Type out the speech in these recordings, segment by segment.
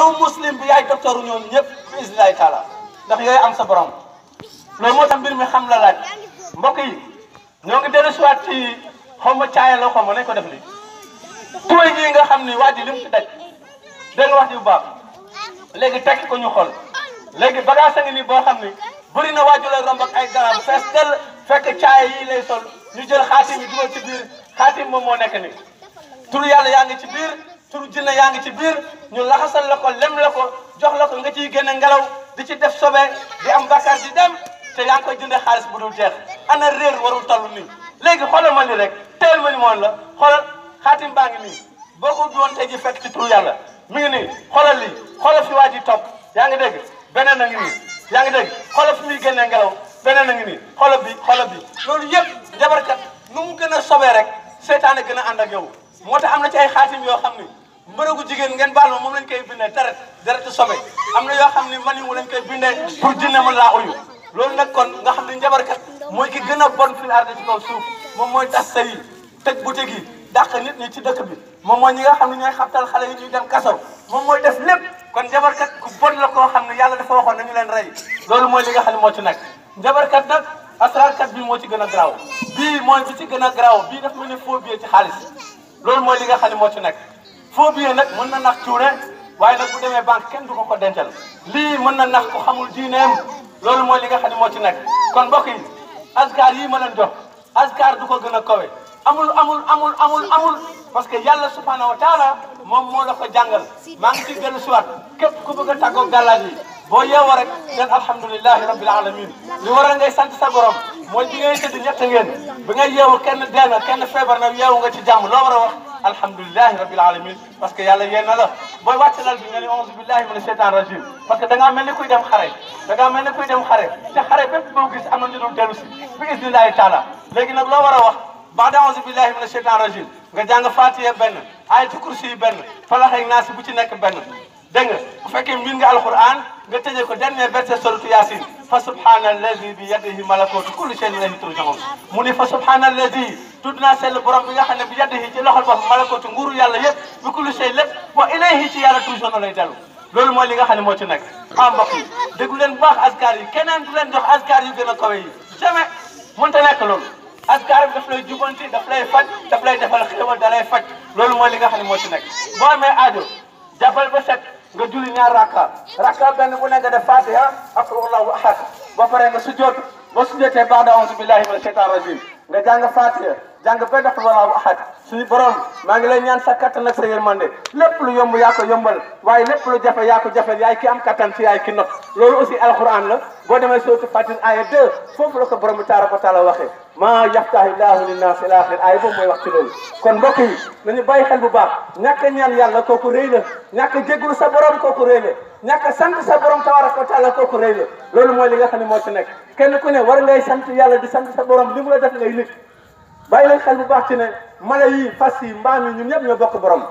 yow muslim bi yaay docteur ñoom ñëpp bi isnillahi taala ndax yooyu am sa borom loolu moo tax mbir mi xam la laaj mbokk yi ñoo ngi dellu si waat ci xaw ma caaya la xaw ma nañ ko def li tuwéy jii nga xam ni waa ji li mu ci daj dégg wax ji bu baax léegi tekki ko ñu xol léegi bagage a ngi nii boo xam ni bëri na waaju lay romb ak ay garab fees dell fekk caaya yi lay sol ñu jël xaatim yi dugal ci biir xaatim moom moo nekk ni tur yàlla yaa ngi ci biir turu jinne yaa ngi ci biir ñu laxasal la ko lem la ko jox la ko nga ciy génne ngelaw di ci def sobe di am bakkaar di dem te yaa ngi koy jëndee xaalis bu dul jeex ana réer warul toll nii léegi xoolal ma ni rek teel ma ni moon la xoolal xaatim baa ngi nii boo ko doon tey ji fekk ci turu yàlla mi ngi nii xoolal lii xoolal fi waa ji topp yaa ngi dégg beneen na ngi nii yaa ngi dégg xoolal fi muy génnee ngelaw beneen na ngi nii xoolal bi xoolal bi loolu yëpp jabarkat nu mu gën a rek seetaan gën a ànd ak yow moo te am na ci ay xaatim yoo xam ni mbërëgu jigéen ngeen baal ma moom lañ koy bindee deret deretu sobe am na yoo xam ni man wu lañ koy bindee pour jinne mën laa uyu loolu nag kon nga xam ni njabarkat mooy ki gën a moom mooy tas sa yi tëj ci dëkk bi moom mooy ñi nga xam ne ñooy xabtal xale yi ñuy dem kaso moom mooy def lépp kon njabarkat ku bon la koo xam ne yàlla dafa waxoon nañu leen rey loolu mooy li xam ne moo ci nekk njabarkat nag asraarkat bii moo ci gën a garaaw bii mooy bi ci gën a garaaw bii daf mel ni faux billet ci xaalis loolu mooy li nga xam ne moo ci nekk faux billet nag mën na nax cuune waaye nag bu demee banque kenn du ko ko dencal lii mën na nax ku xamul diineem loolu mooy li nga xam ne moo ci nekk kon mbokk yi yii mën na jox asgar du ko gën a kawe amul amul amul amul amul parce que yàlla subhanahu wa taala moom moo dafa ko jàngal maa ngi ciy dellu siwaat képp ku bëgg a tàggoo gàllaaj yi الحمد لله رب العالمين باسكو يالا يينا لا بو واتنا بالله من الشيطان الرجيم باسكو داغا ملني كوي ديم خاري داغا ملني كوي ديم خاري تي خاري بيب بو غيس امان دي دلوسي باذن الله تعالى لكن نك لو ورا واخ بعد اعوذ بالله من الشيطان الرجيم غا جانغ فاتيه بن ايت كرسي بن فلاخ الناس بو تي نك بن dégg nga bu fekkee mbir nga alquran nga tëjee ko dernier verset suratu Yaasin fa subhaanallazi bi yadihi malakuutu kulli shay'in ilayhi turja'uun mu ni fa subhaanallazi tudd bi nga xam ne bi yadihi ci loxol boppam malakuutu nguuru yàlla yëpp bi kulli shay lépp wa ilayhi ci yàlla turja'uun lay dellu loolu mooy li nga xam ne moo ci nekk ah mbokk yi déglu leen bu baax askar yi keneen leen jox askar yu gën a kawe yi jamais mënta nekk loolu askar bi daf lay jubanti daf lay faj daf lay defal xéwal da lay faj loolu mooy li nga xam ne moo ci nekk nga julli ñaar rakka rakka benn bu ne nga def fatiha ak qul huwallahu ahad ba pare nga sujjoot ba sujjootee baada auzu billahi mina shaytani rajim nga jàng fatiha jàng ba def walaahu ahad suñu borom maa ngi lay ñaan sa kattan ak sa yërmande lépp lu yomb yaa ko yombal waaye lépp lu jafe yaa ko jafel yaay ki am kattan ci yaay ki not loolu aussi alquran la boo demee sourate Fatir aya 2 foofu la ko borom bi taara ko taala waxee maa yaftahi laahu linnaasi ila axir aya boobu mooy wax ci loolu kon mbokk yi nañu bàyyi xel bu baax ñàkk a ñaan yàlla kooku rëy la ñàkk a jéggul sa borom kooku rëy la a sant sa borom tabaraka wa taala kooku rëy la loolu mooy li nga xam ne moo ci nekk kenn ku war ngay sant yàlla di sant sa borom li mu la bàyyi leen xel bu baax ci ne mala yi fas yi mbaam yi ñun ñëpp ñoo bokk borom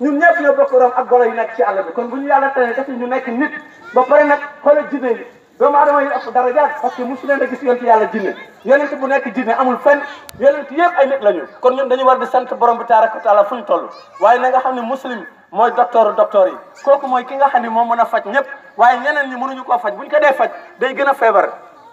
ñun ñëpp ñoo bokk borom ak golo yi nekk ci àll bi kon bu ñu yàlla tane ñu nekk nit ba pare nag xoolal jinne yi doomu aadama yi ëpp dara jaar parce que mosu leen a gis yonent yàlla jinne yonent bu nekk jinne amul fenn yonent yëpp ay nit lañu kon ñun dañu war di sant borom bi tabaraka wa taala fu ñu toll waaye na xam ne muslim mooy docteur docteur yi kooku mooy ki nga xam ne moom mën a faj ñëpp waaye ñeneen ñi mënuñu koo faj buñ ko dee faj day gën a feebar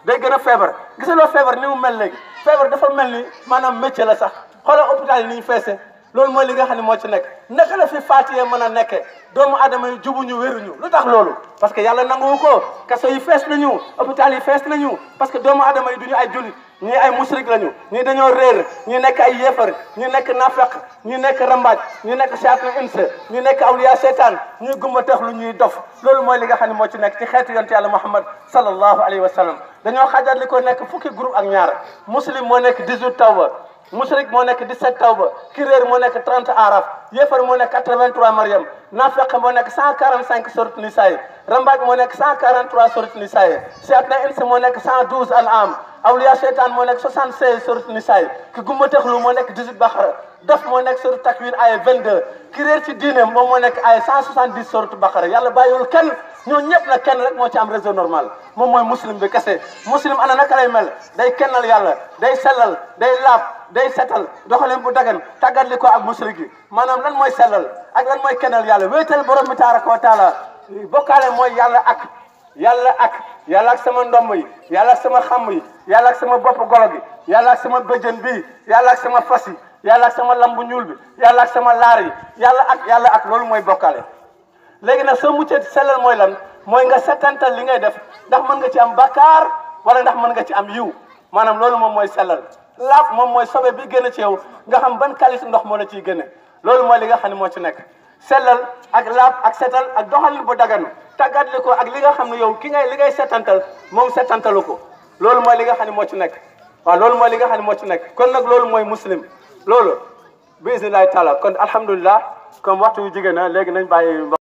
day gën a feebar gisaloo feebar ni mel léegi feebar dafa melni manam maanaam métier la sax xoolal hôpital ni fessé feese moy li nga xamni mo ci nek naka la fi fatiyé mën a doomu adama yi jubuñu wéruñu lutax tax loolu parce que yàlla nangou ko kasso yi fess nañu hôpital yi fess nañu parce que doomu adama yi duñu ay jullit ñi ay musrik lañu ñi dañoo réer ñi nekk ay yéefar ñi nekk nafaq ñi nekk rambaaj ñi nekk châtre insa ñi nekk awliya setan ñi gumba tax lu ñuy dof loolu mooy li nga xam ne moo ci nekk ci xeetu yonte yàlla muhammad sallallahu alayhi wa sallam dañoo xaajal li ko nekk fukki groupe ak ñaar muslim moo nekk 18 tawba mushrik moo nekk 17 tawba kiréer moo nekk 30 araf yéefar moo nekk 83 mariam nafeq moo nekk 145 sorte nisaay rambaaj moo nekk 143 sorte nisaay siatna ins moo nekk 112 al am awliya shaytan mo nek 76 sur nisaay ki gumba taxlu mo nek 18 bakara daf mo nek sur takwin ay 22 ki réer ci diine mo mo nek ay 170 sur bakara yàlla bàyyiwul ken ñoo ñep la ken rek mo ci am réseau normal moom moy muslim bi kasse muslim ana naka lay mel day kenal yàlla day selal day lap day setal doxalin bu dagan tagal liko ak musriki manam lan moy selal ak lan moy kenal yàlla wetal borom bi tabaraka wa taala bokale moy yàlla ak yàlla ak yàlla ak sama ndomb yi yàlla ak sama xàmm yi yàlla ak sama bopp golo gi yàlla ak sama bëjën bi yàlla ak sama fas yi yàlla ak sama lambu ñuul bi yàlla ak sama laar yi yàlla ak yàlla ak loolu mooy bokkale léegi nag soo muccee sellal mooy lan mooy nga setantal li ngay def ndax mën nga ci am bakkaar wala ndax mën nga ci am yiw maanaam loolu moom mooy sellal laab moom mooy sobe bi gën a ci yow nga xam ban qualité ndox moo la ciy gëne loolu mooy li nga xam ne moo ci nekk sellal ak laab ak setal ak doxalin bu dagan tàggatle ko ak li nga xam ne yow ki ngay li ngay setantal moom setantalu ko loolu mooy li nga xam ne moo ci nekk waaw loolu mooy li nga xam ne moo ci nekk kon nag loolu mooy muslim loolu bisimilahi taala kon alhamdulilah comme waxtu yu jigéen na léegi nañ bàyyi